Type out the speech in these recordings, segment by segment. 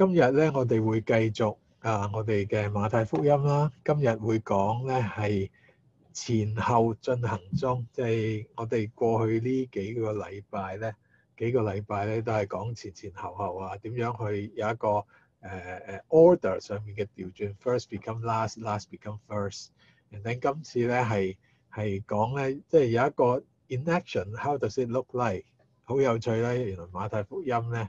今日咧，我哋會繼續啊，我哋嘅馬太福音啦。今日會講咧係前後進行中，即係我哋過去呢幾個禮拜咧，幾個禮拜咧都係講前前後後啊，點樣去有一個誒誒 order 上面嘅調轉，first become last，last become first，然後等今次咧係係講咧，即係有一個 in action，how does it look like？好有趣咧，原來馬太福音咧。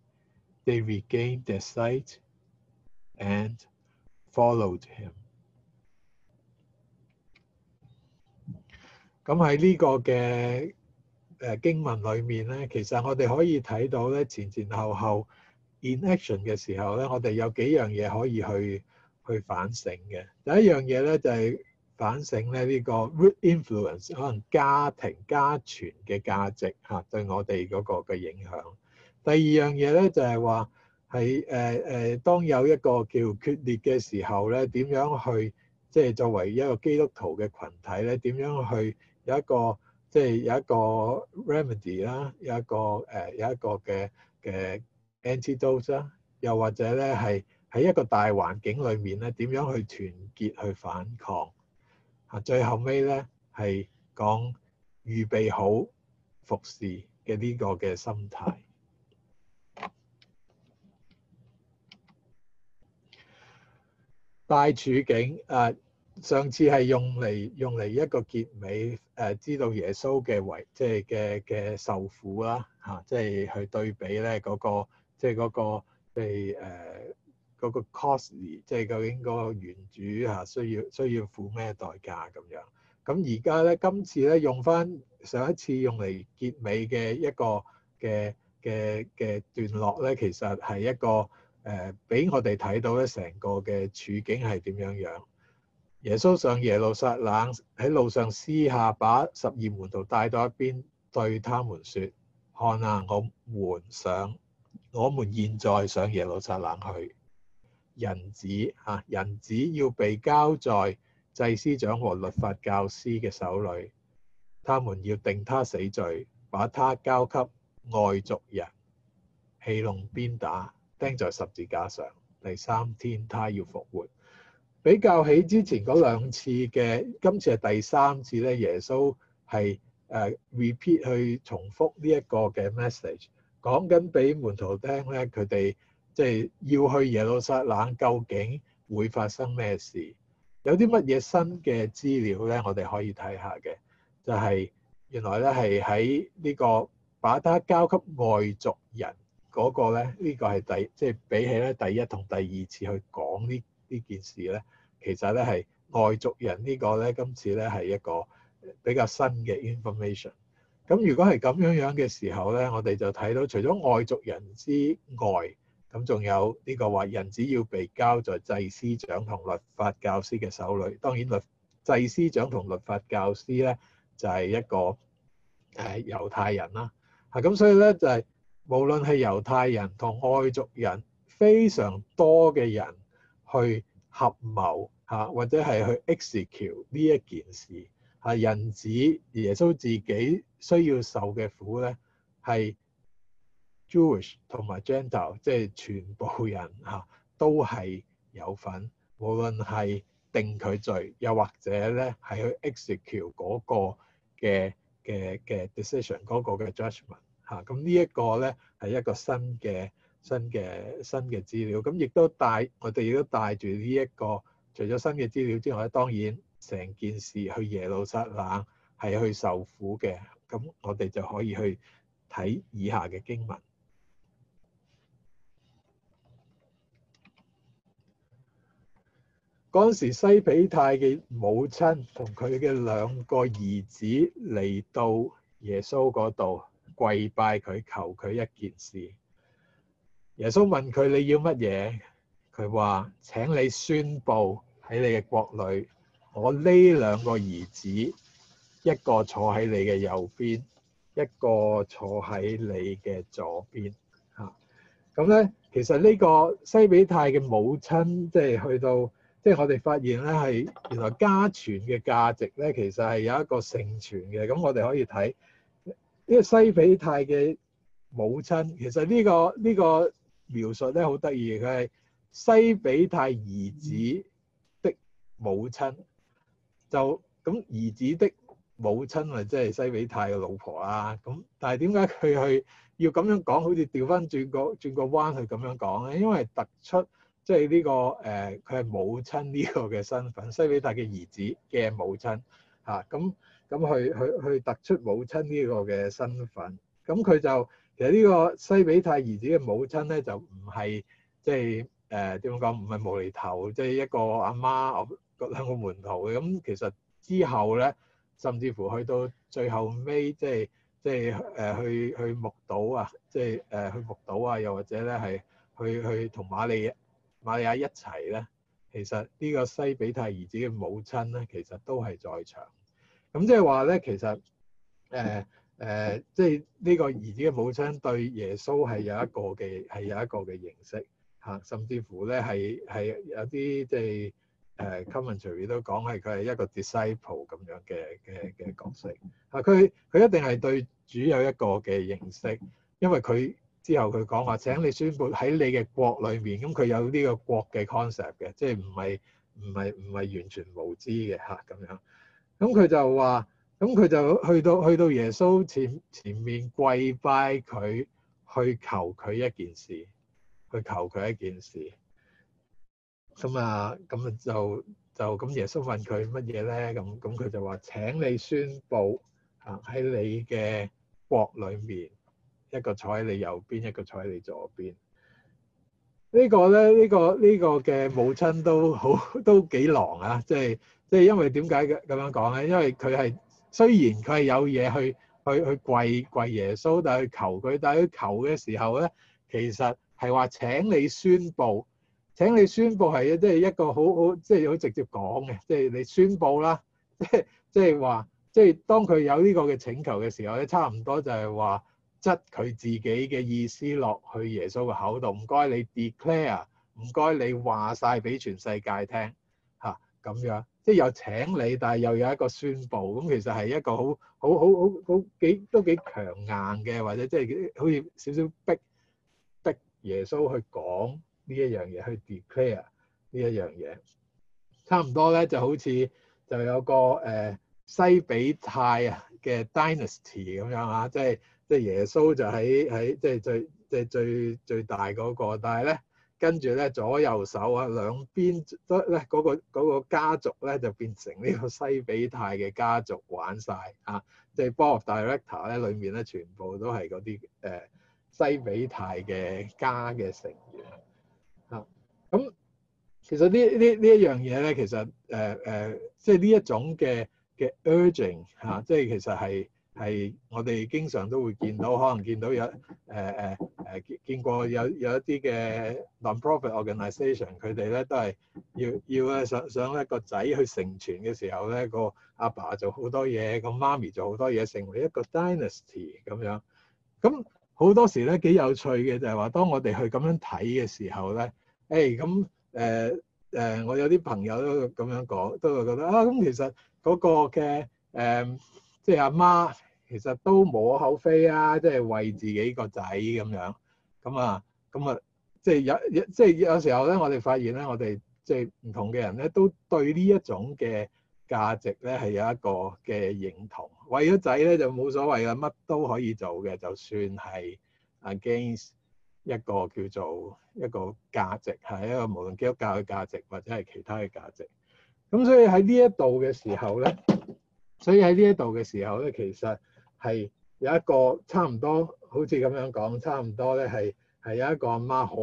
They regained their sight and followed him。嗯。咁喺呢個嘅誒經文裏面咧，其實我哋可以睇到咧前前後後 in action 嘅時候咧，我哋有幾樣嘢可以去去反省嘅。第一樣嘢咧就係、是、反省咧呢、這個 root influence，可能家庭家傳嘅價值嚇、啊、對我哋嗰個嘅影響。第二樣嘢咧，就係話喺誒誒，當有一個叫決裂嘅時候咧，點樣去即係作為一個基督徒嘅群體咧，點樣去有一個即係有一個 remedy 啦、呃，有一個誒有一個嘅嘅 antidote 啦，anti ose，又或者咧係喺一個大環境裡面咧，點樣去團結去反抗啊？最後尾咧係講預備好服侍嘅呢個嘅心態。大處境誒，上次係用嚟用嚟一個結尾誒，知道耶穌嘅為即係嘅嘅受苦啦嚇，即、啊、係、就是、去對比咧嗰、那個即係嗰個即係嗰個 costly，即係究竟嗰個原主嚇需要需要付咩代價咁樣？咁而家咧今次咧用翻上一次用嚟結尾嘅一個嘅嘅嘅段落咧，其實係一個。誒，俾我哋睇到咧，成個嘅處境係點樣樣？耶穌上耶路撒冷，喺路上私下把十二門徒帶到一邊，對他們説：看下我們上，我們現在上耶路撒冷去。人子啊，人子要被交在祭司長和律法教師嘅手裏，他們要定他死罪，把他交給外族人戲弄、鞭打。釘在十字架上，第三天他要復活。比較起之前嗰兩次嘅，今次係第三次咧，耶穌係誒 repeat 去重複呢一個嘅 message，講緊俾門徒聽咧，佢哋即係要去耶路撒冷，究竟會發生咩事？有啲乜嘢新嘅資料咧，我哋可以睇下嘅，就係原來咧係喺呢個把他交給外族人。嗰個咧，呢個係第即係比起咧第一同第二次去講呢呢件事咧，其實咧係外族人呢個咧，今次咧係一個比較新嘅 information。咁如果係咁樣樣嘅時候咧，我哋就睇到除咗外族人之外，咁仲有呢個話人只要被交在祭司長同律法教師嘅手裏，當然律祭司長同律法教師咧就係一個誒猶太人啦。嚇咁所以咧就係。無論係猶太人同外族人，非常多嘅人去合謀吓，或者係去 execute 呢一件事，係人子耶穌自己需要受嘅苦咧，係 Jewish 同埋 gentile，即係全部人吓都係有份。無論係定佢罪，又或者咧係去 execute 嗰個嘅嘅嘅 decision 嗰個嘅 judgment。啊！咁呢一個呢，係一個新嘅、新嘅、新嘅資料。咁亦都帶我哋，亦都帶住呢一個。除咗新嘅資料之外咧，當然成件事去耶路撒冷係去受苦嘅。咁我哋就可以去睇以下嘅經文。嗰陣 時，西比泰嘅母親同佢嘅兩個兒子嚟到耶穌嗰度。跪拜佢，求佢一件事。耶穌問佢：你要乜嘢？佢話：請你宣布喺你嘅國裏，我呢兩個兒子，一個坐喺你嘅右邊，一個坐喺你嘅左邊。嚇、啊！咁、嗯、咧，其實呢個西比泰嘅母親，即係去到，即係我哋發現咧，係原來家傳嘅價值咧，其實係有一個承傳嘅。咁我哋可以睇。呢個西比泰嘅母親，其實呢、呢個呢、呢個描述咧，好得意，佢係西比泰兒子的母親，就咁兒子的母親咪即係西比泰嘅老婆啦。咁但係點解佢去要咁樣講，好似調翻轉個轉個彎去咁樣講咧？因為突出即係呢個誒，佢、呃、係母親呢個嘅身份，西比泰嘅兒子嘅母親嚇咁。啊。咁去去去突出母親呢個嘅身份。咁佢就其實呢個西比泰兒子嘅母親咧，就唔係即係誒點講，唔係無厘頭，即係一個阿媽個兩個門徒嘅。咁其實之後咧，甚至乎去到最後尾，即係即係誒去去木島啊，即係誒去木島啊，又或者咧係去去同瑪利瑪利亞一齊咧，其實呢個西比泰兒子嘅母親咧，其實都係在場。咁即係話咧，其實誒誒、呃呃，即係呢個兒子嘅母親對耶穌係有一個嘅係有一個嘅認識嚇，甚至乎咧係係有啲即係、呃、誒 commentary 都講係佢係一個 disciple 咁樣嘅嘅嘅角色嚇，佢、啊、佢一定係對主有一個嘅認識，因為佢之後佢講話請你宣佈喺你嘅國裏面，咁、嗯、佢有呢個國嘅 concept 嘅，即係唔係唔係唔係完全無知嘅嚇咁樣。咁佢就話，咁佢就去到去到耶穌前前面跪拜佢，去求佢一件事，去求佢一件事。咁啊，咁啊就就咁，耶穌問佢乜嘢咧？咁咁佢就話，請你宣佈啊，喺你嘅國裏面，一個坐喺你右邊，一個坐喺你左邊。呢個咧，呢個呢個嘅呢個母親都好都幾狼啊，即係。即係因為點解嘅咁樣講咧？因為佢係雖然佢係有嘢去去去跪跪耶穌，但係求佢，但係求嘅時候咧，其實係話請你宣佈，請你宣佈係即係一個好好即係好直接講嘅，即係你宣佈啦，即係即係話即係當佢有呢個嘅請求嘅時候咧，差唔多就係話塞佢自己嘅意思落去耶穌嘅口度，唔該你 declare，唔該你話晒俾全世界聽吓，咁樣。即係又請你，但係又有一個宣佈，咁其實係一個好好好好好幾都幾強硬嘅，或者即係好似少少逼逼耶穌去講呢一樣嘢，去 declare 呢一樣嘢。差唔多咧，就好似就有個誒、呃、西比泰啊嘅 dynasty 咁樣吓，即係即係耶穌就喺喺即係最即係、就是、最最大嗰個，但係咧。跟住咧，左右手啊，兩邊都咧嗰、那個那個家族咧，就變成呢個西比泰嘅家族玩晒啊！即係《Board of Director》咧，裡面咧全部都係嗰啲誒西比泰嘅家嘅成員啊！咁其實呢呢呢一樣嘢咧，其實誒誒、呃呃，即係呢一種嘅嘅 urging 嚇、啊，即係其實係。係，我哋經常都會見到，可能見到有誒誒誒見見過有有一啲嘅 non-profit o r g a n i z a t i o n 佢哋咧都係要要啊，想想一個仔去成全嘅時候咧，個阿爸，爸做好多嘢，個媽咪做好多嘢，成為一個 dynasty 咁樣。咁好多時咧幾有趣嘅就係話，當我哋去咁樣睇嘅時候咧，誒咁誒誒，我有啲朋友都咁樣講，都係覺得啊，咁其實嗰個嘅誒、呃，即係阿媽，媽。其實都無可厚非啊！即係為自己個仔咁樣咁啊，咁啊，即係有，有即係有時候咧，我哋發現咧，我哋即係唔同嘅人咧，都對呢一種嘅價值咧係有一個嘅認同。為咗仔咧就冇所謂啊，乜都可以做嘅，就算係 against 一個叫做一個價值，係一個無論基督教嘅價值或者係其他嘅價值。咁所以喺呢一度嘅時候咧，所以喺呢一度嘅時候咧，其實。係有一個差唔多，好似咁樣講，差唔多咧係係有一個媽好。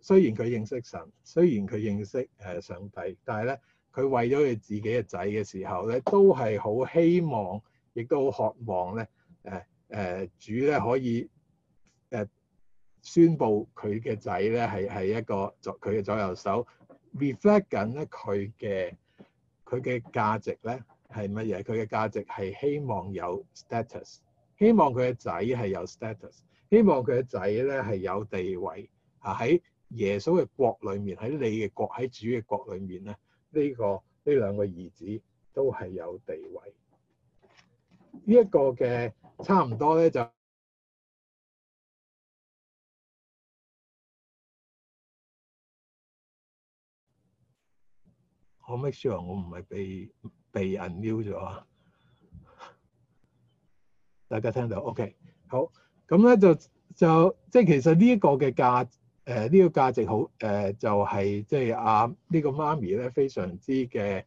雖然佢認識神，雖然佢認識誒上帝，但係咧，佢為咗佢自己嘅仔嘅時候咧，都係好希望，亦都好渴望咧誒誒主咧可以誒、呃、宣佈佢嘅仔咧係係一個左佢嘅左右手 reflect 緊咧佢嘅佢嘅價值咧。係乜嘢？佢嘅價值係希望有 status，希望佢嘅仔係有 status，希望佢嘅仔咧係有地位。啊，喺耶穌嘅國裏面，喺你嘅國，喺主嘅國裏面咧，呢、這個呢兩個兒子都係有地位。呢、這、一個嘅差唔多咧就，我 make sure 我唔係被。被人 n e d 咗啊！大家聽到 OK？好，咁咧就就即係其實呢一個嘅價誒呢、呃呢個價值好，誒、呃、就係即係阿呢個媽咪咧非常之嘅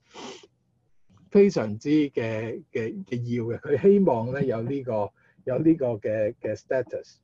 非常之嘅嘅嘅要嘅，佢希望咧有呢、呢個有呢個嘅嘅 status。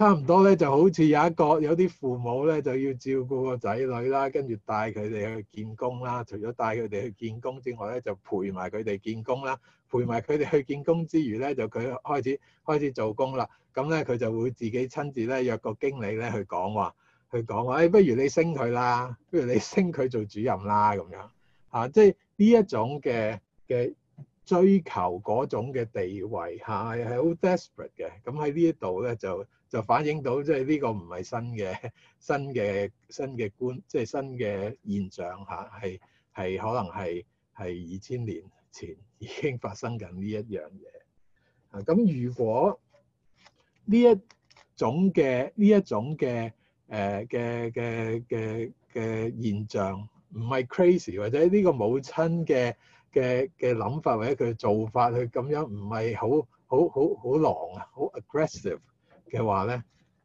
差唔多咧，就好似有一個有啲父母咧，就要照顧個仔女啦，跟住帶佢哋去見工啦。除咗帶佢哋去見工之外咧，就陪埋佢哋見工啦。陪埋佢哋去見工之餘咧，就佢開始開始做工啦。咁咧，佢就會自己親自咧約個經理咧去講話，去講話，誒、欸，不如你升佢啦，不如你升佢做主任啦，咁樣嚇、啊。即係呢一種嘅嘅追求嗰種嘅地位嚇，係好 desperate 嘅。咁喺、啊、呢一度咧就。就反映到即係呢個唔係新嘅新嘅新嘅觀，即係新嘅現象嚇，係係可能係係二千年前已經發生緊呢一樣嘢。啊，咁如果呢一種嘅呢一種嘅誒嘅嘅嘅嘅現象唔係 crazy，或者呢個母親嘅嘅嘅諗法或者佢做法，佢咁樣唔係好好好好狼啊，好 aggressive。嘅話咧，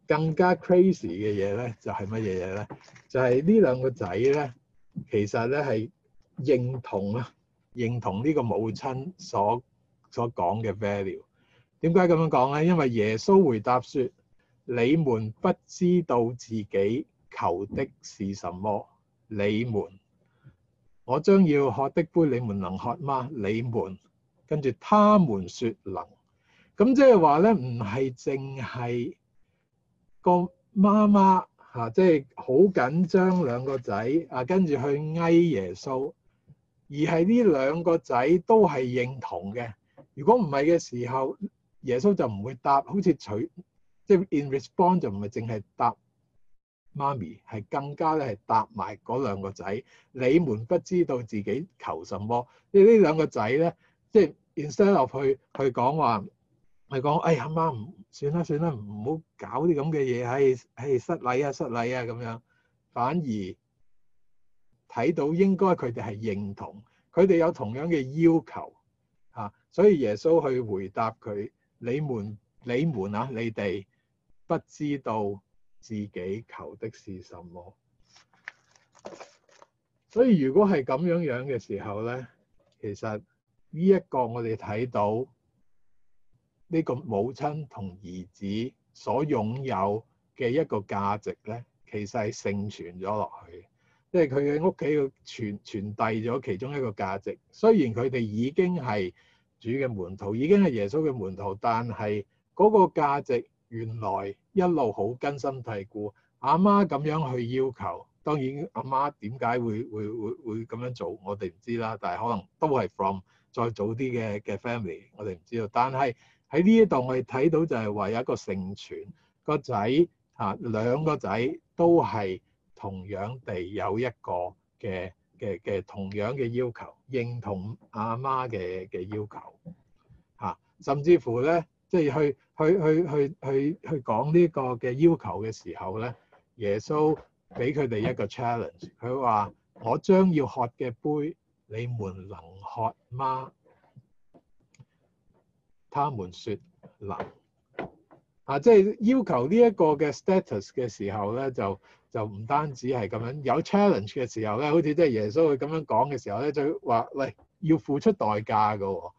更加 crazy 嘅嘢咧，就係乜嘢嘢咧？就係呢兩個仔咧，其實咧係認同啊，認同呢個母親所所講嘅 value。點解咁樣講咧？因為耶穌回答說：你們不知道自己求的是什麼，你們，我將要喝的杯，你們能喝嗎？你們跟住，他們說能。咁即係話咧，唔係淨係個媽媽嚇，即係好緊張兩個仔啊，跟住去嗌耶穌，而係呢兩個仔都係認同嘅。如果唔係嘅時候，耶穌就唔會答，好似取即係、就是、in response 就唔係淨係答媽咪，係更加咧係答埋嗰兩個仔。你們不知道自己求什麼？呢呢兩個仔咧，即係 instead of 落去去講話。佢講：，哎啱啱，唔，算啦，算啦，唔好搞啲咁嘅嘢，係、哎、係、哎、失禮啊，失禮啊，咁樣。反而睇到應該佢哋係認同，佢哋有同樣嘅要求，嚇。所以耶穌去回答佢：，你們，你們啊，你哋不知道自己求的是什麼。所以如果係咁樣樣嘅時候咧，其實呢一個我哋睇到。呢個母親同兒子所擁有嘅一個價值呢，其實係承傳咗落去，即係佢嘅屋企嘅傳傳遞咗其中一個價值。雖然佢哋已經係主嘅門徒，已經係耶穌嘅門徒，但係嗰個價值原來一路好根深蒂固。阿媽咁樣去要求，當然阿媽點解會會會會咁樣做，我哋唔知啦。但係可能都係 from 再早啲嘅嘅 family，我哋唔知道，但係。喺呢一度我哋睇到就係話有一個聖傳個仔嚇，兩個仔都係同樣地有一個嘅嘅嘅同樣嘅要求，認同阿媽嘅嘅要求嚇、啊，甚至乎咧即係去去去去去去、去、去講呢個嘅要求嘅時候咧，耶穌俾佢哋一個 challenge，佢話：我將要喝嘅杯，你們能喝嗎？他們說能啊，即係要求呢一個嘅 status 嘅時候咧，就就唔單止係咁樣有 challenge 嘅時候咧，好似即係耶穌佢咁樣講嘅時候咧，就話：喂、哎，要付出代價㗎喎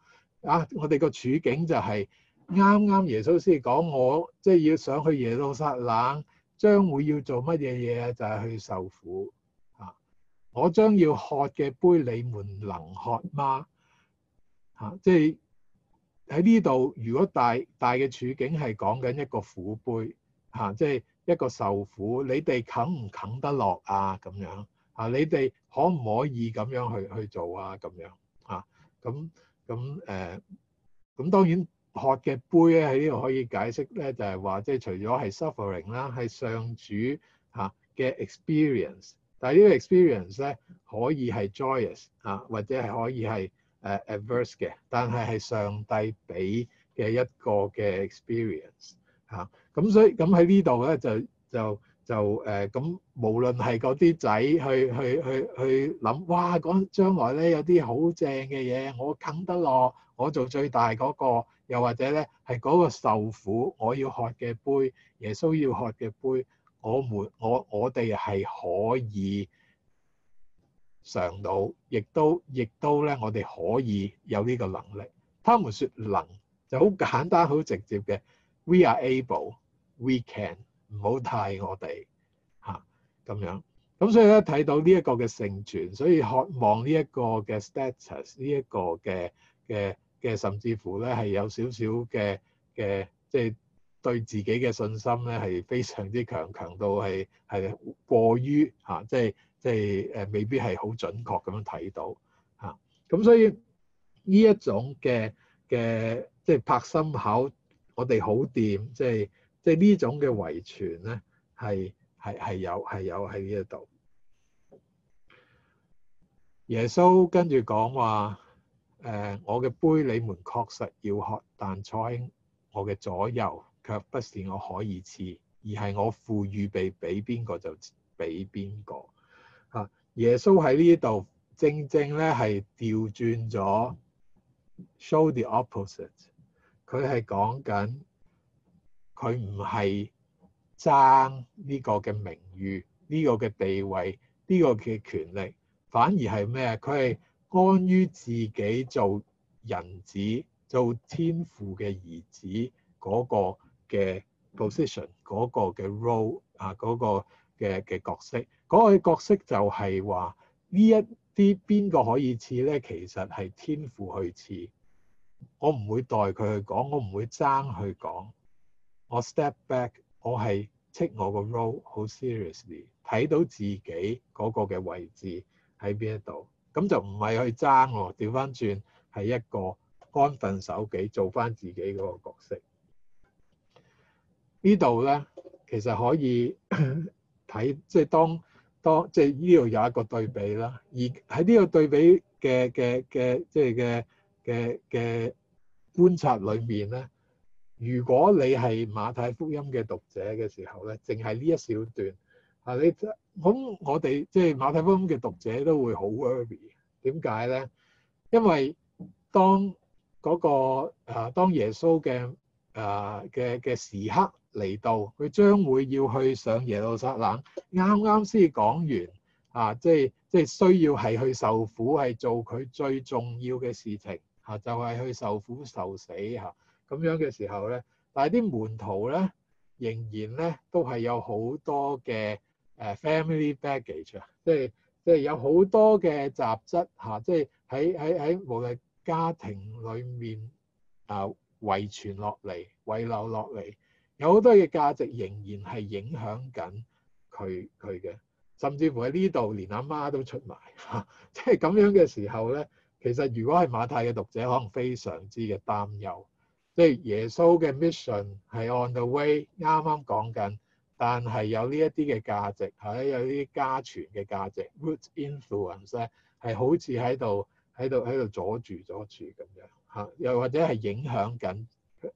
啊！我哋個處境就係啱啱耶穌先講，我即係要想去耶路撒冷，將會要做乜嘢嘢就係去受苦啊！我將要喝嘅杯，你們能喝嗎？嚇、啊！即係。喺呢度，如果大大嘅處境係講緊一個苦杯，嚇、啊，即係一個受苦，你哋啃唔啃得落啊？咁樣嚇、啊，你哋可唔可以咁樣去去做啊？咁樣嚇，咁咁誒，咁、啊、當然學嘅杯咧，喺呢度可以解釋咧，就係話即係除咗係 suffering 啦，係上主嚇嘅 experience，但係 ex 呢個 experience 咧可以係 joyous 啊，或者係可以係。誒 averse 嘅，但係係上帝俾嘅一個嘅 experience 吓，咁、啊、所以咁喺呢度咧就就就誒咁，啊、無論係嗰啲仔去去去去諗，哇！嗰將來咧有啲好正嘅嘢，我啃得落，我做最大嗰、那個，又或者咧係嗰個受苦，我要喝嘅杯，耶穌要喝嘅杯，我們我我哋係可以。上到，亦都，亦都咧，我哋可以有呢個能力。他們說能就好簡單好直接嘅。We are able, we can。唔好太我哋吓咁樣咁所以咧睇到呢一個嘅生存，所以渴望呢一個嘅 status，呢一個嘅嘅嘅，甚至乎咧係有少少嘅嘅，即係、就是、對自己嘅信心咧係非常之強強到係係過於吓即係。啊就是即係誒，未必係好準確咁樣睇到吓。咁、啊、所以呢一種嘅嘅，即係拍心口，我哋好掂。即係即係呢種嘅遺傳咧，係係係有係有喺呢一度。耶穌跟住講話誒，我嘅杯你們確實要喝，但坐喺我嘅左右卻不是我可以賜，而係我父預備俾邊個就俾邊個。耶穌喺呢度正正咧係調轉咗 show the opposite，佢係講緊佢唔係爭呢個嘅名譽、呢、這個嘅地位、呢、這個嘅權力，反而係咩？佢係安於自己做人子、做天父嘅兒子嗰、那個嘅 position、嗰個嘅 role 啊嗰、那個嘅嘅角色，嗰個角色就係話呢一啲邊個可以似呢？其實係天父去似。我唔會代佢去講，我唔會爭去講。我 step back，我係 take 我個 role 好 seriously，睇到自己嗰個嘅位置喺邊一度，咁就唔係去爭喎。調翻轉係一個安分守己，做翻自己嗰個角色。呢度呢，其實可以。 睇即係當當即係呢度有一個對比啦，而喺呢個對比嘅嘅嘅即係嘅嘅嘅觀察裏面咧，如果你係馬太福音嘅讀者嘅時候咧，淨係呢一小段啊，你咁我哋即係馬太福音嘅讀者都會好 worry，點解咧？因為當嗰個啊當耶穌嘅啊嘅嘅時刻。嚟到佢將會要去上耶路撒冷。啱啱先講完啊，即係即係需要係去受苦，係做佢最重要嘅事情嚇、啊，就係、係、去受苦受死嚇咁、啊、樣嘅時候咧。但係啲門徒咧仍然咧都係有好多嘅誒 family baggage 啊，即係即係有好多嘅雜質嚇、啊，即係喺喺喺無論家庭裡面啊遺傳落嚟、遺留落嚟。有好多嘅價值仍然係影響緊佢佢嘅，甚至乎喺呢度連阿媽都出埋嚇，即係咁樣嘅時候咧，其實如果係馬太嘅讀者，可能非常之嘅擔憂。即係耶穌嘅 mission 係 on the way，啱啱講緊，但係有呢一啲嘅價值，係有啲家傳嘅價值 would influence 係好似喺度喺度喺度阻住阻住咁樣嚇，又或者係影響緊。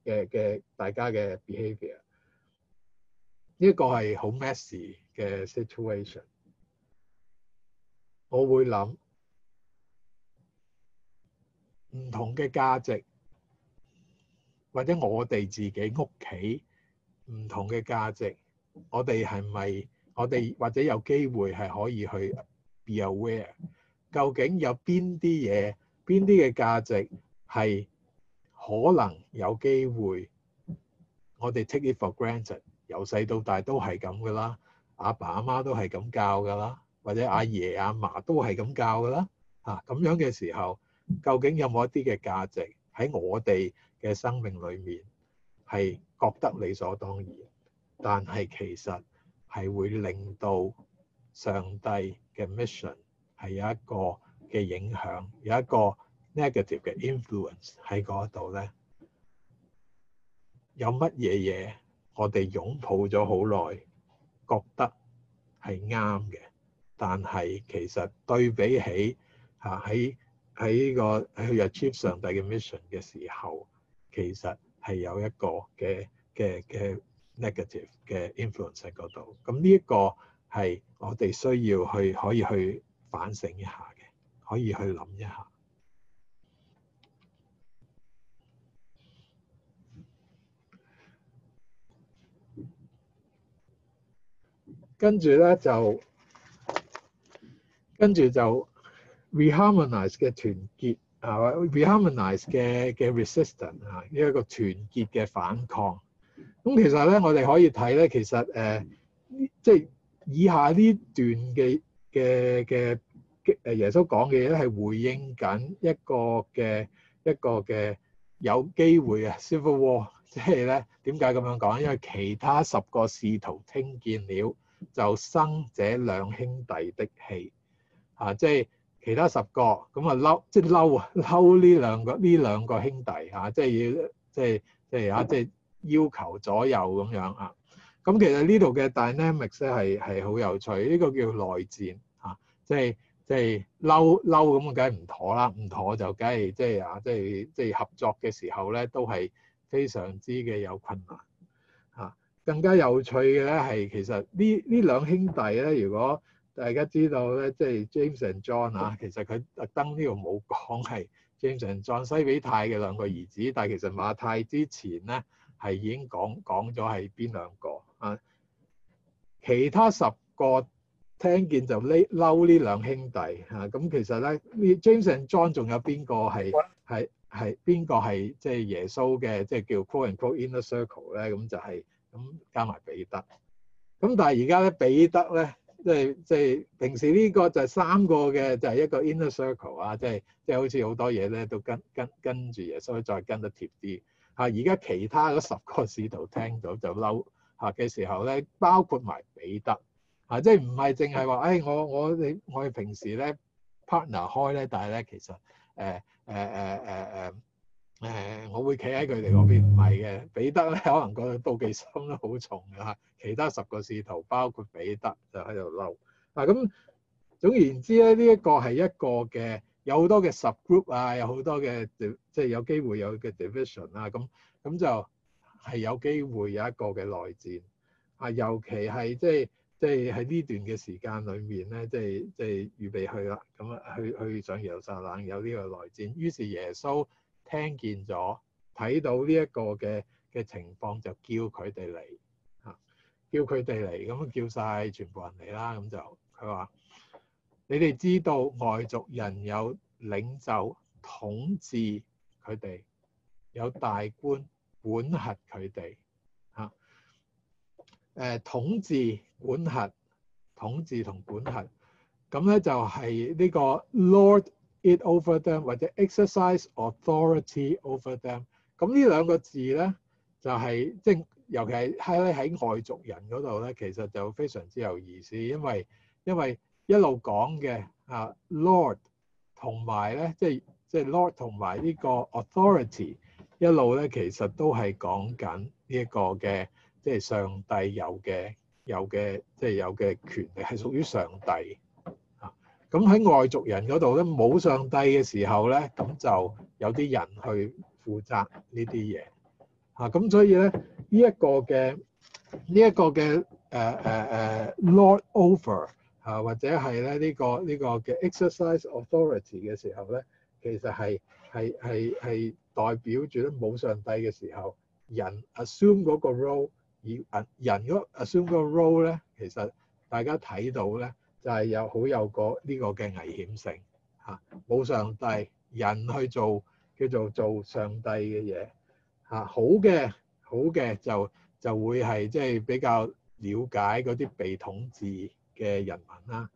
嘅嘅大家嘅 behavior，呢個係好 messy 嘅 situation。我會諗唔同嘅價值，或者我哋自己屋企唔同嘅價值，我哋係咪我哋或者有機會係可以去 be aware，究竟有邊啲嘢，邊啲嘅價值係？可能有機會，我哋 take it for granted，由細到大都係咁噶啦，阿爸阿媽都係咁教噶啦，或者阿爺阿嫲都係咁教噶啦，嚇咁樣嘅時候，究竟有冇一啲嘅價值喺我哋嘅生命裡面係覺得理所當然？但係其實係會令到上帝嘅 mission 係有一個嘅影響，有一個。negative 嘅 influence 喺嗰度咧，有乜嘢嘢我哋擁抱咗好耐，覺得係啱嘅，但係其實對比起吓喺喺呢個去 achieve 上帝嘅 mission 嘅時候，其實係有一個嘅嘅嘅 negative 嘅 influence 喺嗰度。咁呢一個係我哋需要去可以去反省一下嘅，可以去諗一下。跟住咧就跟住就 reharmonize 嘅團結係 reharmonize 嘅嘅 resistance 呢一個團結嘅反抗。咁其實咧，我哋可以睇咧，其實誒，即、呃、係、就是、以下呢段嘅嘅嘅嘅耶穌講嘅嘢咧，係回應緊一個嘅一個嘅有機會嘅 civil war 即。即係咧點解咁樣講？因為其他十個使徒聽見了。就生這兩兄弟的氣，嚇，即係其他十個咁啊嬲，即係嬲啊嬲呢兩個呢兩個兄弟嚇，即係要即係即係啊，即係要求左右咁樣啊。咁其實呢度嘅 dynamics 咧係係好有趣，呢個叫內戰嚇，即係即係嬲嬲咁啊，梗係唔妥啦，唔妥就梗係即係啊，即係即係合作嘅時候咧都係非常之嘅有困難。更加有趣嘅咧係其實呢呢兩兄弟咧，如果大家知道咧，即係 James and John 啊，其實佢特登呢度冇講係 James and John 西比太嘅兩個兒子，但係其實馬太之前咧係已經講講咗係邊兩個啊？其他十個聽見就呢嬲呢兩兄弟嚇，咁其實咧 James and John 仲有邊個係係係邊個係即係耶穌嘅，即係叫 Four and Four Inner Circle 咧，咁就係、是。咁加埋彼得，咁但係而家咧彼得咧，即係即係平時呢個就係三個嘅，就係、是、一個 inner circle 啊、就是，即係即係好似好多嘢咧都跟跟跟住耶穌，所以再跟得貼啲嚇。而家其他嗰十個使徒聽到就嬲嚇嘅時候咧，包括埋彼得嚇，即係唔係淨係話誒我我哋我哋平時咧 partner 開咧，但係咧其實誒誒誒誒誒。呃呃呃呃呃。誒、嗯，我會企喺佢哋嗰邊，唔係嘅。彼得咧，可能個妒忌心都好重㗎吓。其他十個使徒，包括彼得，就喺度嬲。嗱咁總言之咧，呢一個係一個嘅，有好多嘅 subgroup 啊，有好多嘅即係有機會有嘅 division 啦。咁咁就係、是、有機會有一個嘅內戰。啊，尤其係即係即係喺呢段嘅時間裡面咧，即係即係預備去啦。咁啊，去去上耶路撒冷，有呢個內戰，於是耶穌。聽見咗，睇到呢一個嘅嘅情況，就叫佢哋嚟嚇，叫佢哋嚟，咁叫晒全部人嚟啦。咁就佢話：你哋知道外族人有領袖統治佢哋，有大官管轄佢哋嚇。誒、統治、管轄、統治同管轄，咁咧就係呢個 Lord。It over them 或者 exercise authority over them，咁呢兩個字咧就係即係尤其係喺喺外族人嗰度咧，其實就非常之有意思，因為因為一路講嘅啊，Lord 同埋咧，即係即係 Lord 同埋呢個 authority 一路咧，其實都係講緊呢一個嘅即係上帝有嘅有嘅即係有嘅權利係屬於上帝。咁喺外族人嗰度咧冇上帝嘅時候咧，咁就有啲人去負責呢啲嘢嚇。咁、啊、所以咧呢一、這個嘅呢一個嘅誒誒誒 Lord over 嚇、啊，或者係咧呢、這個呢、這個嘅 exercise authority 嘅時候咧，其實係係係係代表住咧冇上帝嘅時候，人 assume 嗰個 role 而人 assume 嗰個 role 咧，其實大家睇到咧。就係有好有個呢個嘅危險性嚇，冇、啊、上帝人去做叫做做上帝嘅嘢嚇。好嘅好嘅就就會係即係比較了解嗰啲被統治嘅人民啦。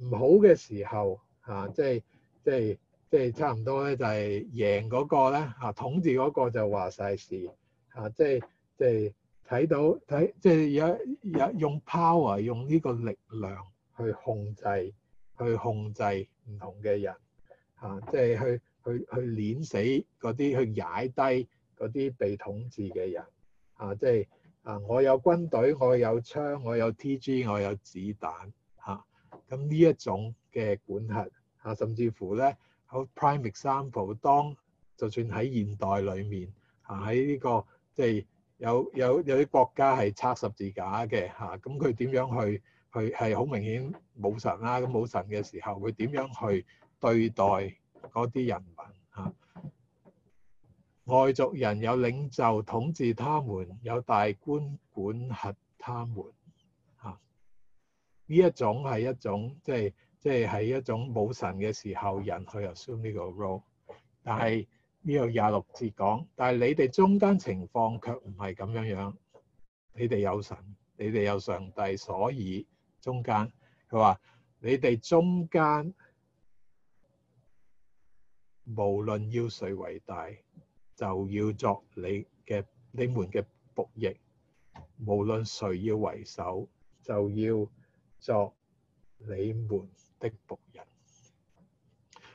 唔、啊、好嘅時候嚇，即係即係即係差唔多咧，就係、是就是、贏嗰、嗰個咧嚇、啊、統治嗰個就話晒事嚇，即係即係睇到睇即係有有用 power 用呢個力量。去控制，去控制唔同嘅人，嚇、啊，即係去去去碾死嗰啲，去踩低嗰啲被統治嘅人，嚇、啊，即係啊，我有軍隊，我有槍，我有 T.G.，我有子彈，嚇、啊，咁呢一種嘅管轄，嚇、啊，甚至乎咧，好 prime example，當就算喺現代裏面，嚇、啊，喺呢個即係有有有啲國家係拆十字架嘅，嚇、啊，咁佢點樣去？佢係好明顯冇神啦、啊，咁冇神嘅時候，佢點樣去對待嗰啲人民？嚇、啊，外族人有領袖統治他們，有大官管轄他們。嚇、啊，呢一種係一種即係即係係一種冇神嘅時候，人去 assume 呢個 role。但係呢個廿六節講，但係你哋中間情況卻唔係咁樣樣。你哋有神，你哋有上帝，所以。中間，佢話：你哋中間，無論要誰為大，就要作你嘅你們嘅僕役；無論誰要為首，就要作你們的僕人。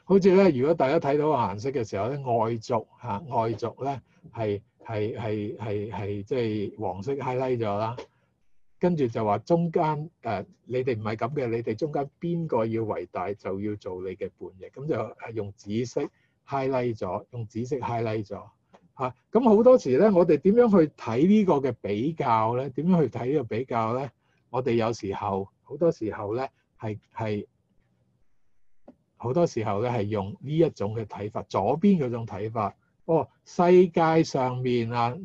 好似咧，如果大家睇到顏色嘅時候咧，外族嚇外族咧，係係係係係即係黃色 highlight 咗啦。跟住就話中間誒、呃，你哋唔係咁嘅，你哋中間邊個要為大就要做你嘅伴逆，咁就係用紫色 highlight 咗，用紫色 highlight 咗嚇。咁、啊、好多時咧，我哋點樣去睇呢個嘅比較咧？點樣去睇呢個比較咧？我哋有時候好多時候咧，係係好多時候咧，係用呢一種嘅睇法，左邊嗰種睇法。哦，世界上面啊～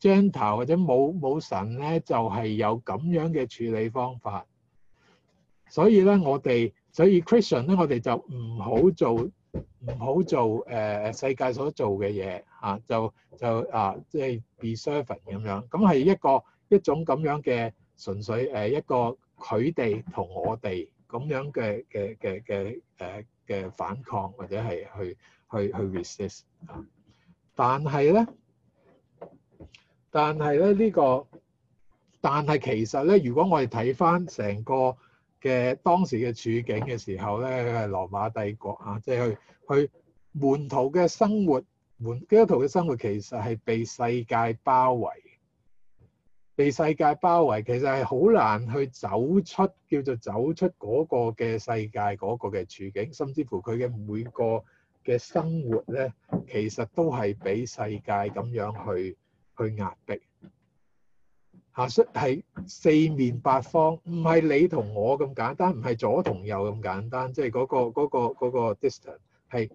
gentle 或者冇冇神咧，就係有咁樣嘅處理方法。所以咧，我哋所以 Christian 咧，我哋就唔好做唔好做誒世界所做嘅嘢嚇，就就啊，即係 be servant 咁樣。咁係一個一種咁樣嘅純粹誒一個佢哋同我哋咁樣嘅嘅嘅嘅誒嘅反抗或者係去去去 resist 啊。但係咧。但係咧呢個，但係其實咧，如果我哋睇返成個嘅當時嘅處境嘅時候咧，係羅馬帝國啊，即係佢佢門徒嘅生活，門基督徒嘅生活其實係被世界包圍，被世界包圍，其實係好難去走出叫做走出嗰個嘅世界嗰個嘅處境，甚至乎佢嘅每個嘅生活咧，其實都係俾世界咁樣去。去壓迫，嚇、啊！所以係四面八方，唔係你同我咁簡單，唔係左同右咁簡單，即係嗰個嗰、那個嗰、那個 distance 係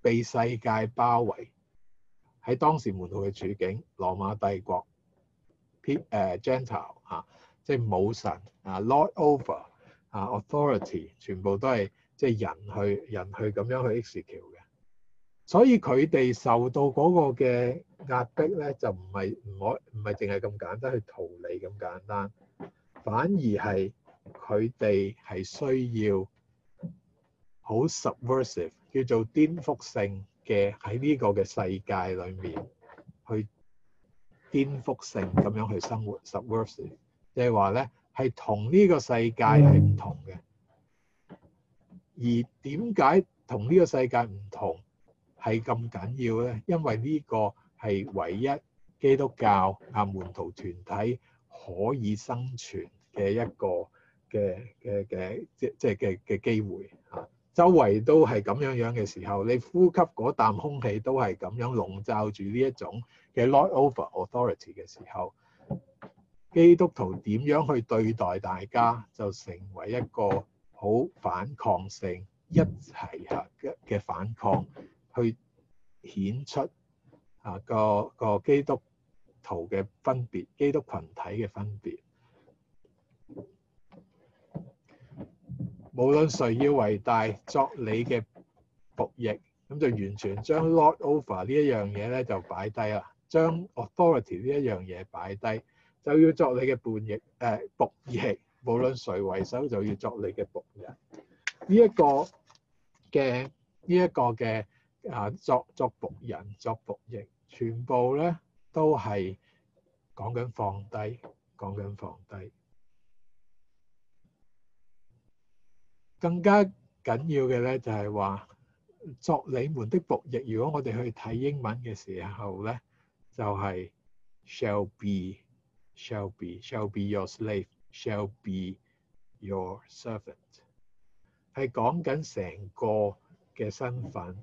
被世界包圍。喺當時門徒嘅處境，羅馬帝國，p 誒、uh, Gentile、啊、嚇，即、就、係、是、武神啊、uh, Lord over 啊、uh,，authority 全部都係即係人去人去咁樣去 execute 所以佢哋受到嗰個嘅壓迫咧，就唔係唔可，唔係淨係咁簡單去逃離咁簡單，反而係佢哋係需要好 subversive，叫做顛覆性嘅，喺呢個嘅世界裏面去顛覆性咁樣去生活。subversive 即係話咧，係同呢個世界係唔同嘅，而點解同呢個世界唔同？係咁緊要咧，因為呢個係唯一基督教啊門徒團體可以生存嘅一個嘅嘅嘅即即嘅嘅機會啊！周圍都係咁樣樣嘅時候，你呼吸嗰啖空氣都係咁樣籠罩住呢一種嘅 lie over authority 嘅時候，基督徒點樣去對待大家，就成為一個好反抗性一齊啊嘅嘅反抗。去顯出啊個個基督徒嘅分別，基督群體嘅分別。無論誰要為大作你嘅僕役，咁就完全將 Lord over 呢一樣嘢咧就擺低啦，將 authority 呢一樣嘢擺低，就要作你嘅伴役誒僕役。無論誰為首，就要作你嘅僕人。呢一個嘅呢一個嘅。啊！作作僕人，作僕役，全部咧都係講緊放低，講緊放低。更加緊要嘅咧就係話，作你們的僕役。如果我哋去睇英文嘅時候咧，就係、是、shall be, shall be，shall be，shall be your slave，shall be your servant，係講緊成個嘅身份。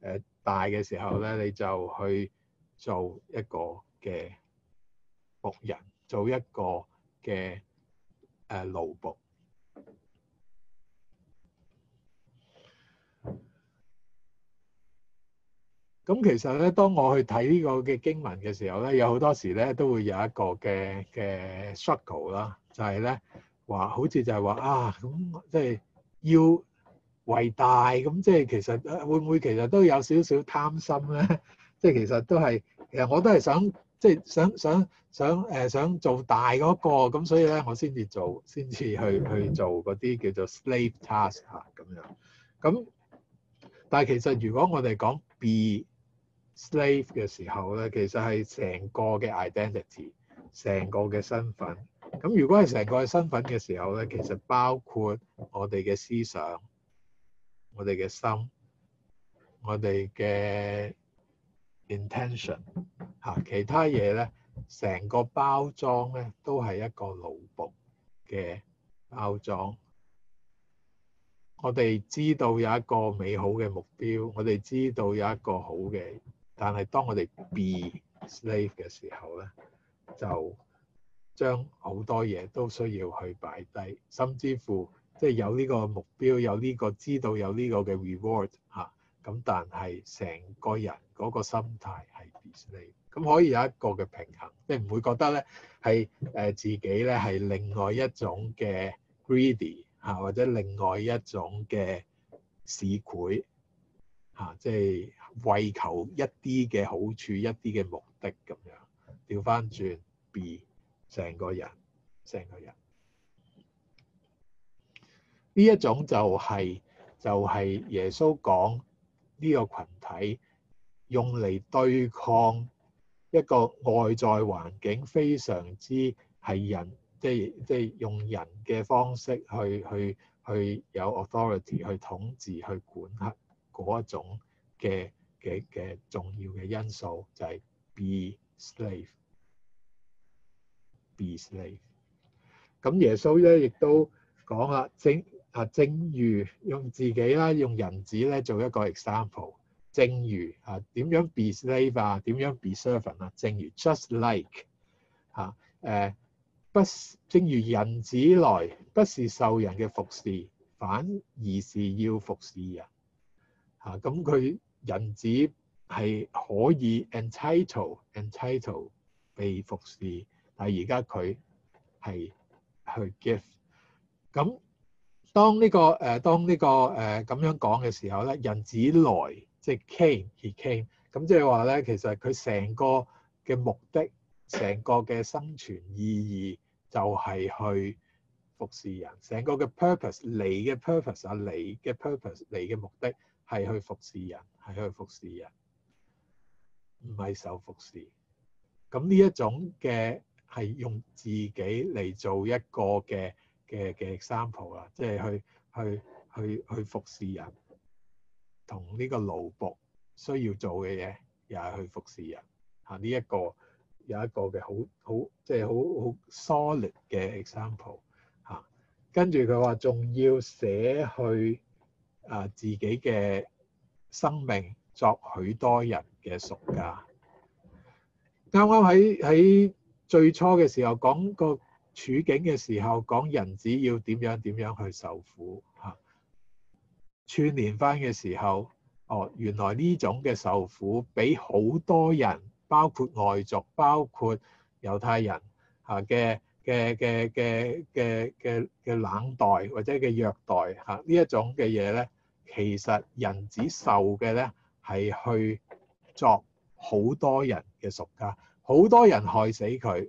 誒、呃、大嘅時候咧，你就去做一個嘅僕人，做一個嘅誒奴僕。咁、呃、其實咧，當我去睇呢個嘅經文嘅時候咧，有好多時咧都會有一個嘅嘅 struggle 啦，就係咧話好似就係話啊，咁即係要。偉大咁，即係其實會唔會其實都有少少貪心咧？即 係其實都係其實我都係想即係、就是、想想想誒、呃、想做大嗰、那個咁，所以咧我先至做先至去去做嗰啲叫做 slave task 嚇咁樣。咁但係其實如果我哋講 be slave 嘅時候咧，其實係成個嘅 identity，成個嘅身份。咁如果係成個嘅身份嘅時候咧，其實包括我哋嘅思想。我哋嘅心，我哋嘅 intention，吓，其他嘢咧，成個包裝咧，都係一個奴僕嘅包裝。我哋知道有一個美好嘅目標，我哋知道有一個好嘅，但係當我哋 be slave 嘅時候咧，就將好多嘢都需要去擺低，甚至乎。即係有呢個目標，有呢個知道有呢個嘅 reward 嚇、啊，咁但係成個人嗰個心態係 be，咁可以有一個嘅平衡，即係唔會覺得咧係誒自己咧係另外一種嘅 greedy 嚇、啊，或者另外一種嘅市儈嚇，即係為求一啲嘅好處、一啲嘅目的咁樣，調翻轉 be 成個人，成個人。呢一種就係，就係耶穌講呢個羣體用嚟對抗一個外在環境，非常之係人，即係即係用人嘅方式去去去有 authority 去統治去管轄嗰一種嘅嘅嘅重要嘅因素就係 be slave, be slave。咁耶穌呢亦都講啦，整。啊，正如用自己啦，用人子咧做一個 example。正如啊，點樣 be slave 啊，點樣 be servant 啊，正如 just like 啊，誒、呃，不正如人子來，不是受人嘅服侍，反而是要服侍人。吓、啊，咁佢人子係可以 entitle entitle 被服侍，但係而家佢係去 give 咁。當呢個誒，當呢個誒咁樣講嘅時候咧，人子來，即係 came，he came。咁即係話咧，其實佢成個嘅目的，成個嘅生存意義，就係去服侍人。成個嘅 purpose，你嘅 purpose 啊，你嘅 purpose，你嘅目的係去服侍人，係去服侍人，唔係受服侍。咁呢一種嘅係用自己嚟做一個嘅。嘅嘅 example 啦，即係去去去去服侍人，同呢個奴僕需要做嘅嘢，又係去服侍人。吓。呢一個有一個嘅好好即係好好 solid 嘅 example 吓、啊。跟住佢話仲要捨去啊自己嘅生命作許多人嘅贖價。啱啱喺喺最初嘅時候講過。處境嘅時候講人子要點樣點樣去受苦，串連翻嘅時候，哦，原來呢種嘅受苦俾好多人，包括外族、包括猶太人嚇嘅嘅嘅嘅嘅嘅嘅冷待或者嘅虐待嚇，呢一種嘅嘢呢，其實人子受嘅呢係去作好多人嘅贖價，好多人害死佢。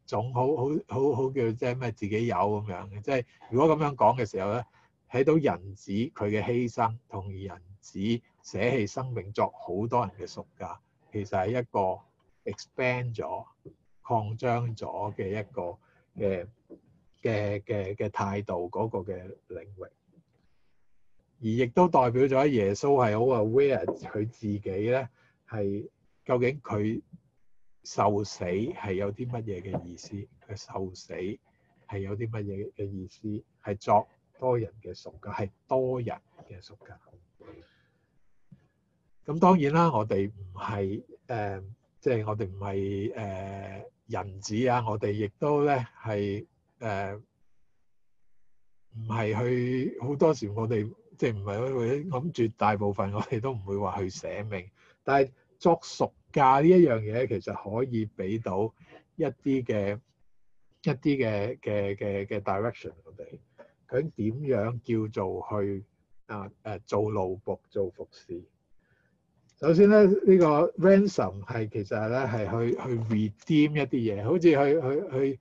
總好好好好叫即係咩？自己有咁樣嘅，即係如果咁樣講嘅時候咧，喺到人子佢嘅犧牲同人子捨棄生命作好多人嘅贖價，其實係一個 expand 咗、擴張咗嘅一個嘅嘅嘅嘅態度嗰個嘅領域，而亦都代表咗耶穌係好 aware 佢自己咧係究竟佢？受死係有啲乜嘢嘅意思？佢受死係有啲乜嘢嘅意思？係作多人嘅贖價，係多人嘅贖價。咁當然啦，我哋唔係誒，即、呃、係、就是、我哋唔係誒人子啊！我哋亦都咧係誒，唔、呃、係去好多時我、就是是，我哋即係唔係去諗絕大部分，我哋都唔會話去捨命，但係，作熟價呢一樣嘢，其實可以俾到一啲嘅一啲嘅嘅嘅嘅 direction 我哋究竟點樣叫做去啊？誒、啊、做奴僕做服侍？首先咧，呢、呢個 ransom 係其實咧係去去 redeem 一啲嘢，好似去去去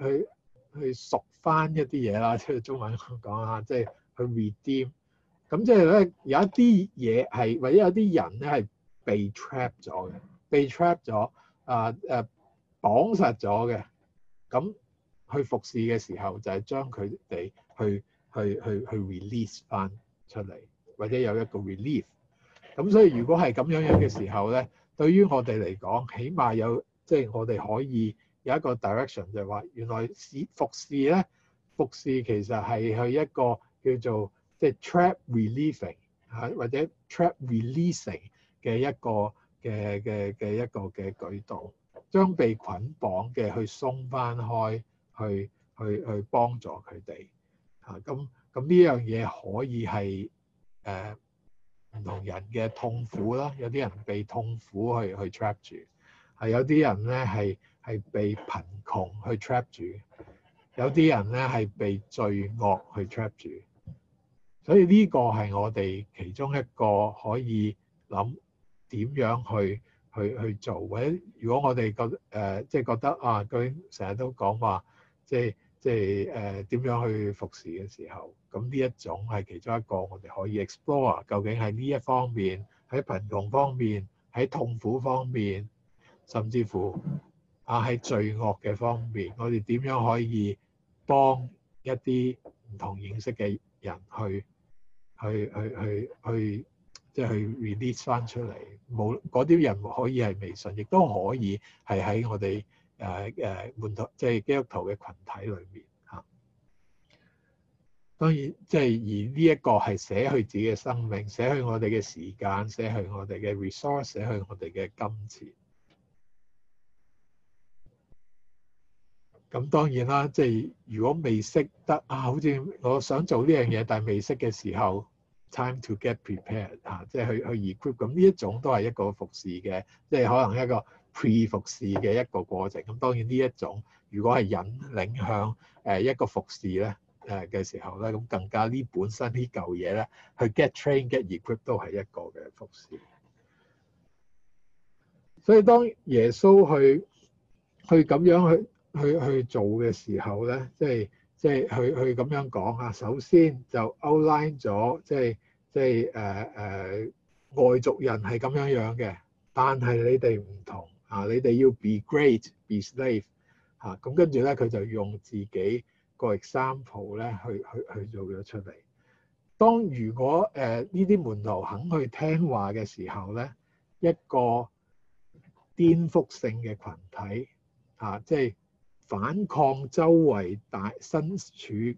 去去去熟翻一啲嘢啦。即係中文講下，即係去 redeem。咁即係咧有一啲嘢係，或者有啲人咧係。被 trap 咗嘅，被 trap 咗啊！誒綁實咗嘅，咁去服侍嘅時候就係將佢哋去去去去 release 翻出嚟，或者有一個 relief。咁所以如果係咁樣樣嘅時候咧，對於我哋嚟講，起碼有即係我哋可以有一個 direction 就係話，原來服侍咧，服侍其實係去一個叫做即係 trap relieving 嚇，或者 trap releasing。嘅一個嘅嘅嘅一個嘅舉動，將被捆綁嘅去鬆返開，去去去幫助佢哋啊！咁咁呢樣嘢可以係誒唔同人嘅痛苦啦。有啲人被痛苦去去 trap 住，係有啲人咧係係被貧窮去 trap 住，有啲人咧係被罪惡去 trap 住。所以呢個係我哋其中一個可以諗。點樣去去去做？或者如果我哋覺誒、呃，即係覺得啊，究竟成日都講話，即係即係誒點樣去服侍嘅時候，咁呢一種係其中一個我哋可以 explore。究竟喺呢一方面，喺貧窮方面，喺痛苦方面，甚至乎啊喺罪惡嘅方面，我哋點樣可以幫一啲唔同認識嘅人去去去去去？去去去去即係 release 翻出嚟，冇嗰啲人可以係微信，亦都可以係喺我哋誒誒門徒，即係基督徒嘅群體裏面嚇、啊。當然，即係而呢一個係寫去自己嘅生命，寫去我哋嘅時間，寫去我哋嘅 resource，寫去我哋嘅金錢。咁當然啦，即係如果未識得啊，好似我想做呢樣嘢，但係未識嘅時候。Time to get prepared 啊，即係去去 equip 咁呢一種都係一個服侍嘅，即係可能一個 pre 服侍嘅一個過程。咁當然呢一種，如果係引領向誒一個服侍咧誒嘅時候咧，咁更加呢本身呢嚿嘢咧去 get train get equip 都係一個嘅服侍。所以當耶穌去去咁樣去去去做嘅時候咧，即係。即係佢佢咁樣講啊！首先就 outline 咗，即係即係誒誒外族人係咁樣樣嘅，但係你哋唔同啊！你哋要 be great, be safe 嚇、啊。咁跟住咧，佢就用自己個 example 咧去去去做咗出嚟。當如果誒呢啲門徒肯去聽話嘅時候咧，一個顛覆性嘅群體嚇、啊，即係。反抗周圍大身處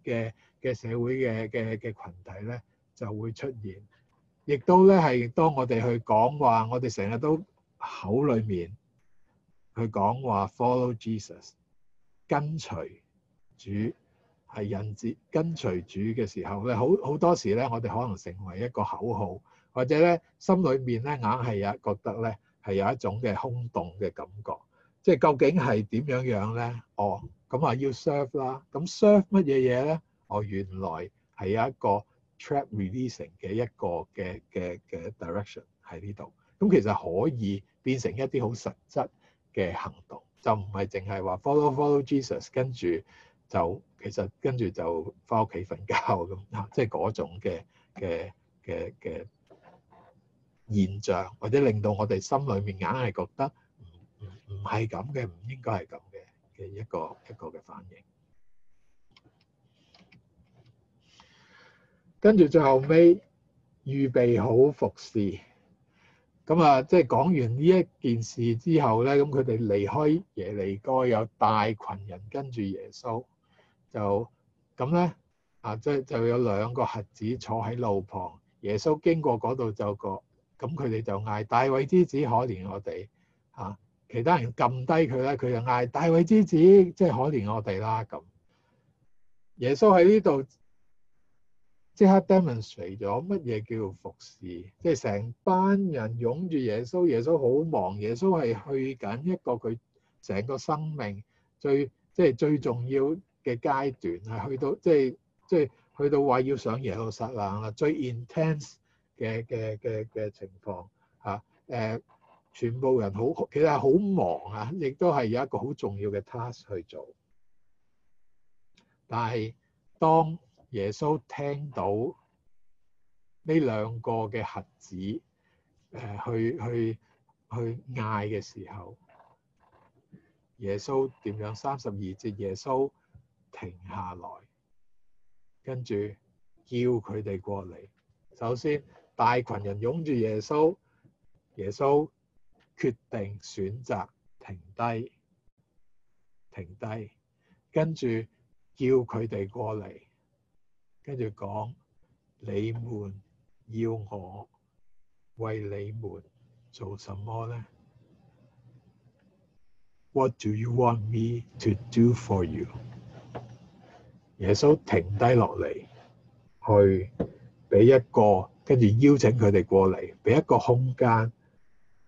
嘅嘅社會嘅嘅嘅羣體咧，就會出現。亦都咧係當我哋去講話，我哋成日都口裏面去講話 Follow Jesus，跟隨主係印節，跟隨主嘅時候咧，好好多時咧，我哋可能成為一個口號，或者咧心裏面咧硬係有覺得咧係有一種嘅空洞嘅感覺。即係究竟係點樣樣咧？哦，咁啊要 serve 啦。咁 serve 乜嘢嘢咧？哦，原來係有一個 trap releasing 嘅一個嘅嘅嘅 direction 喺呢度。咁其實可以變成一啲好實質嘅行動，就唔係淨係話 follow follow Jesus，跟住就其實跟住就翻屋企瞓覺咁，即係嗰種嘅嘅嘅嘅現象，或者令到我哋心裏面硬係覺得。唔係咁嘅，唔應該係咁嘅嘅一個一個嘅反應。跟住最後尾預備好服侍咁啊！即係講完呢一件事之後咧，咁佢哋離開耶利哥，有大群人跟住耶穌就咁咧啊！即係就有兩個瞎子坐喺路旁，耶穌經過嗰度就過咁，佢哋就嗌大衛之子，可憐我哋嚇。其他人撳低佢咧，佢就嗌大衛之子，即係可憐我哋啦咁。耶穌喺呢度即刻 demonstrate 咗乜嘢叫服事，即係成班人擁住耶穌，耶穌好忙，耶穌係去緊一個佢成個生命最即係最重要嘅階段，係去到即係即係去到話要上耶路撒冷啦，最 intense 嘅嘅嘅嘅情況嚇誒。全部人好，其實好忙啊，亦都係有一個好重要嘅 task 去做。但係當耶穌聽到呢兩個嘅孩子誒去去去嗌嘅時候，耶穌點樣？三十二節，耶穌停下來，跟住叫佢哋過嚟。首先大羣人擁住耶穌，耶穌決定選擇停低，停低，跟住叫佢哋過嚟，跟住講：你們要我為你們做什麼呢？What do you want me to do for you？耶穌停低落嚟，去畀一個，跟住邀請佢哋過嚟，畀一個空間。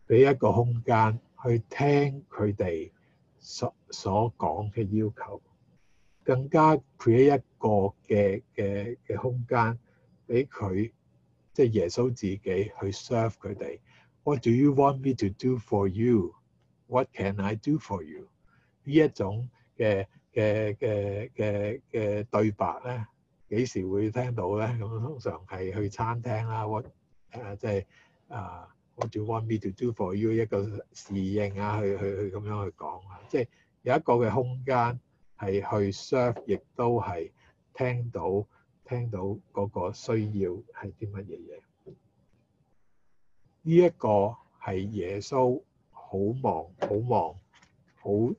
俾一個空間去聽佢哋所所講嘅要求，更加 create 一個嘅嘅嘅空間俾佢，即係耶穌自己去 serve 佢哋。What do you want me to do for you? What can I do for you？呢一種嘅嘅嘅嘅嘅對白咧，幾時會聽到咧？咁通常係去餐廳啦。What 誒即係啊？What do you want me to do for you？一個侍應啊，去去去咁樣去講，即係有一個嘅空間係去 serve，亦都係聽到聽到嗰個需要係啲乜嘢嘢。呢一個係耶穌好忙、好忙、好誒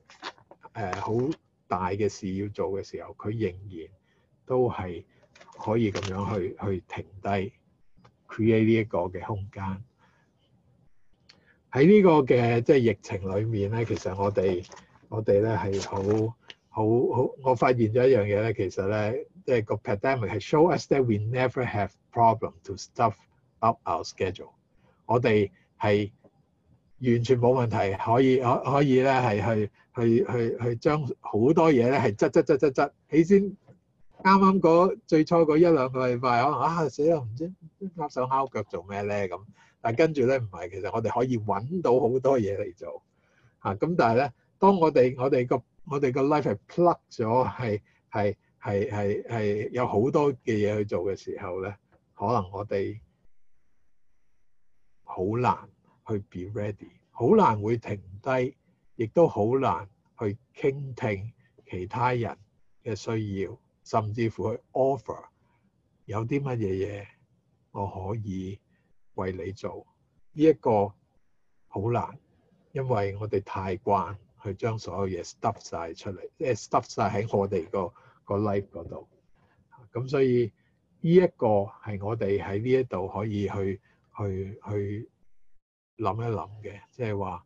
好大嘅事要做嘅時候，佢仍然都係可以咁樣去去停低 create 呢一個嘅空間。喺呢個嘅即係疫情裡面咧，其實我哋我哋咧係好好好，我發現咗一樣嘢咧，其實咧即係個 pandemic 係 show us that we never have problem to stuff up our schedule。我哋係完全冇問題，可以可以咧係去去去去將好多嘢咧係擠擠擠擠擠。起先啱啱嗰最初嗰一兩個禮拜，可能啊死啦唔知啱手拗腳做咩咧咁。但跟住咧唔係。其實我哋可以揾到好多嘢嚟做吓。咁、啊、但係咧，當我哋我哋個我哋個 life 係 plug 咗，係係係係係有好多嘅嘢去做嘅時候咧，可能我哋好難去 be ready，好難會停低，亦都好難去傾聽其他人嘅需要，甚至乎去 offer 有啲乜嘢嘢我可以。為你做呢一個好難，因為我哋太慣去將所有嘢 stop 晒出嚟，即係 stop 晒喺我哋個個 life 度。咁、嗯、所以呢一個係我哋喺呢一度可以去去去諗一諗嘅，即係話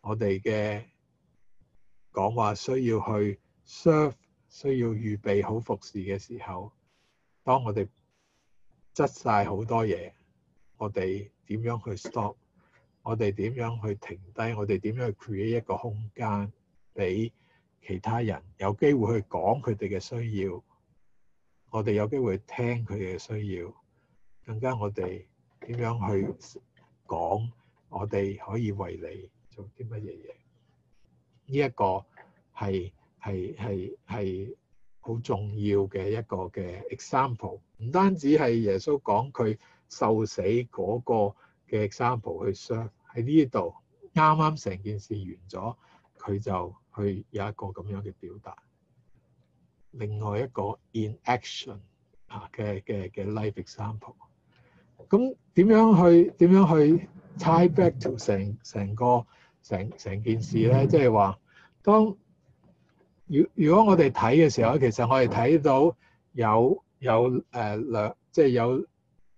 我哋嘅講話需要去 serve，需要預備好服侍嘅時候，當我哋執晒好多嘢。我哋點樣去 stop？我哋點樣去停低？我哋點樣去 create 一個空間俾其他人有機會去講佢哋嘅需要？我哋有機會聽佢哋嘅需要。更加我哋點樣去講？我哋可以為你做啲乜嘢嘢？呢一個係係係係好重要嘅一個嘅 example。唔單止係耶穌講佢。受死嗰個嘅 example 去 share，喺呢度，啱啱成件事完咗，佢就去有一個咁樣嘅表達。另外一個 in action 啊嘅嘅嘅 life example。咁點樣去點樣去 tie back to 成成個成成件事咧？即係話，當如如果我哋睇嘅時候，其實我哋睇到有有誒、呃、兩，即係有。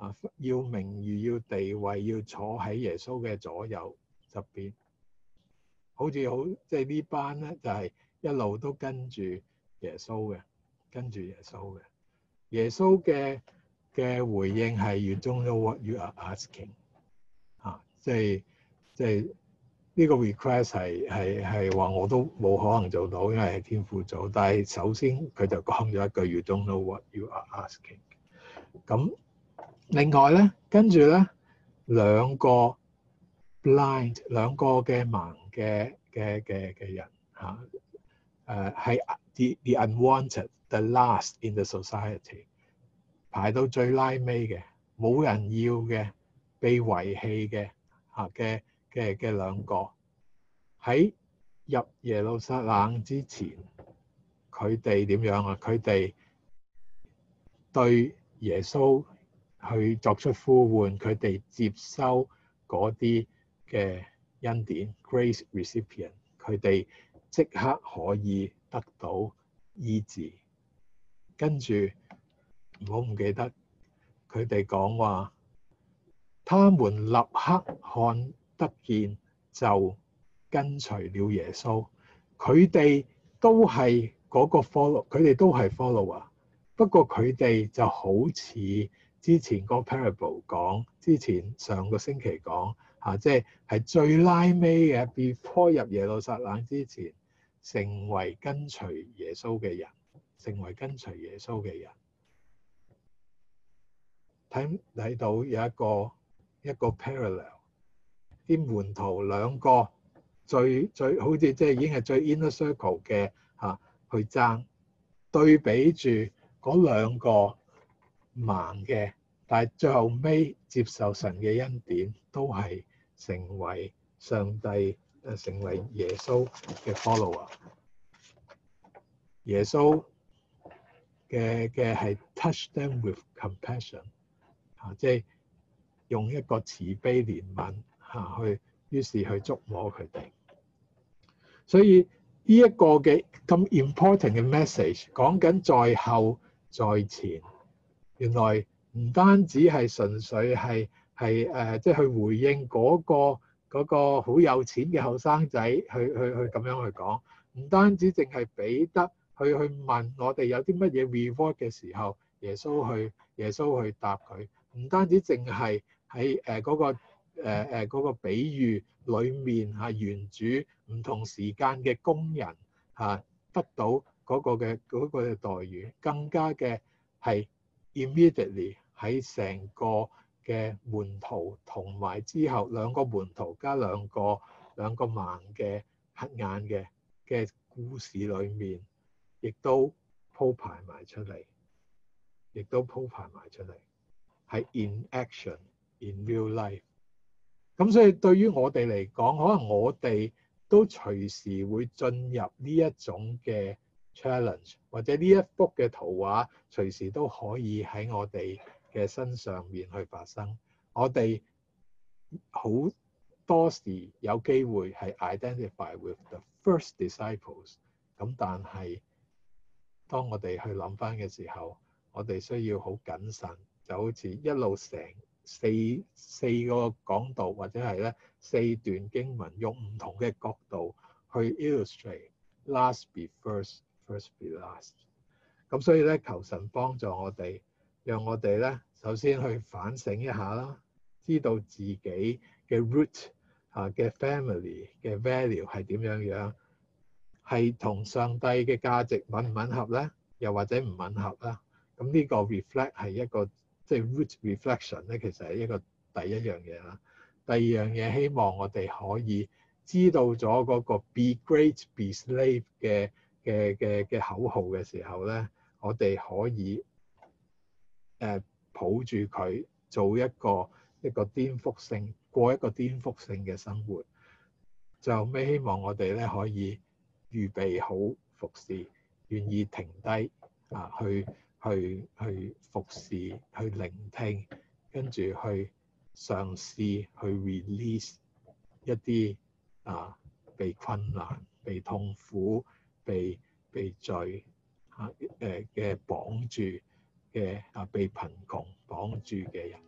啊！要名譽，要地位，要坐喺耶穌嘅左右側邊，好似好即係呢班咧，就係一路都跟住耶穌嘅，跟住耶穌嘅。耶穌嘅嘅回應係：「You don't know what you are asking。」啊，即係即係呢個 request 係係係話我都冇可能做到，因為係天父做。但係首先佢就講咗一句：「You don't know what you are asking。」咁另外咧，跟住咧，兩個 blind 兩個嘅盲嘅嘅嘅嘅人嚇，誒係 the the unwanted the last in the society 排到最拉尾嘅，冇人要嘅，被遺棄嘅嚇嘅嘅嘅兩個，喺入耶路撒冷之前，佢哋點樣啊？佢哋對耶穌。去作出呼喚，佢哋接收嗰啲嘅恩典 （grace recipient），佢哋即刻可以得到醫治。跟住，唔好唔記得佢哋講話，他們立刻看得見就跟隨了耶穌。佢哋都係嗰個 follow，佢哋都係 follower，不過佢哋就好似。之前個 parable 講，之前上個星期講，嚇、啊、即係係最拉尾嘅，before 入耶路撒冷之前，成為跟隨耶穌嘅人，成為跟隨耶穌嘅人。睇，睇到有一個一個 parallel，啲門徒兩個最最好似即係已經係最 inner circle 嘅，嚇、啊、去爭，對比住嗰兩個。盲嘅，但係最後尾接受神嘅恩典，都係成為上帝誒，成為耶穌嘅 follower。耶穌嘅嘅係 touch them with compassion，啊，即係用一個慈悲憐憫嚇去，啊，於是去觸摸佢哋。所以呢一、這個嘅咁 important 嘅 message 講緊在後，在前。原來唔單止係純粹係係誒，即係去回應嗰個嗰個好有錢嘅後生仔，去去去咁樣去講。唔單止淨係俾得去去問我哋有啲乜嘢 reward 嘅時候，耶穌去耶穌去答佢。唔單止淨係喺誒嗰個誒誒嗰個比喻裡面係園主唔同時間嘅工人嚇得到嗰個嘅嗰個待遇，更加嘅係。immediately 喺成個嘅門徒同埋之後兩個門徒加兩個兩個盲嘅黑眼嘅嘅故事裡面，亦都鋪排埋出嚟，亦都鋪排埋出嚟，係 in action in real life。咁所以對於我哋嚟講，可能我哋都隨時會進入呢一種嘅。Challenge 或者呢一幅嘅圖畫隨時都可以喺我哋嘅身上面去發生。我哋好多時有機會係 identify with the first disciples，咁但係當我哋去諗返嘅時候，我哋需要好謹慎，就好似一路成四四個講道或者係呢四段經文，用唔同嘅角度去 illustrate last be first。First be last。咁所以咧，求神幫助我哋，讓我哋咧首先去反省一下啦，知道自己嘅 root 啊嘅 family 嘅 value 係點樣樣，係同上帝嘅價值吻唔吻合咧？又或者唔吻合啦？咁呢個 reflect 係一個即係、就是、root reflection 咧，其實係一個第一樣嘢啦。第二樣嘢，希望我哋可以知道咗嗰個 be great be slave 嘅。嘅嘅嘅口號嘅時候咧，我哋可以誒抱住佢，做一個一個顛覆性，過一個顛覆性嘅生活。就咩希望我哋咧可以預備好服侍，願意停低啊，去去去服侍，去聆聽，跟住去嘗試，去 release 一啲啊被困難、被痛苦。被被罪啊誒嘅綁住嘅啊，被貧窮綁住嘅人。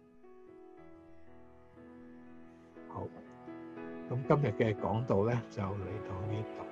好，咁今日嘅講道咧就嚟到呢度。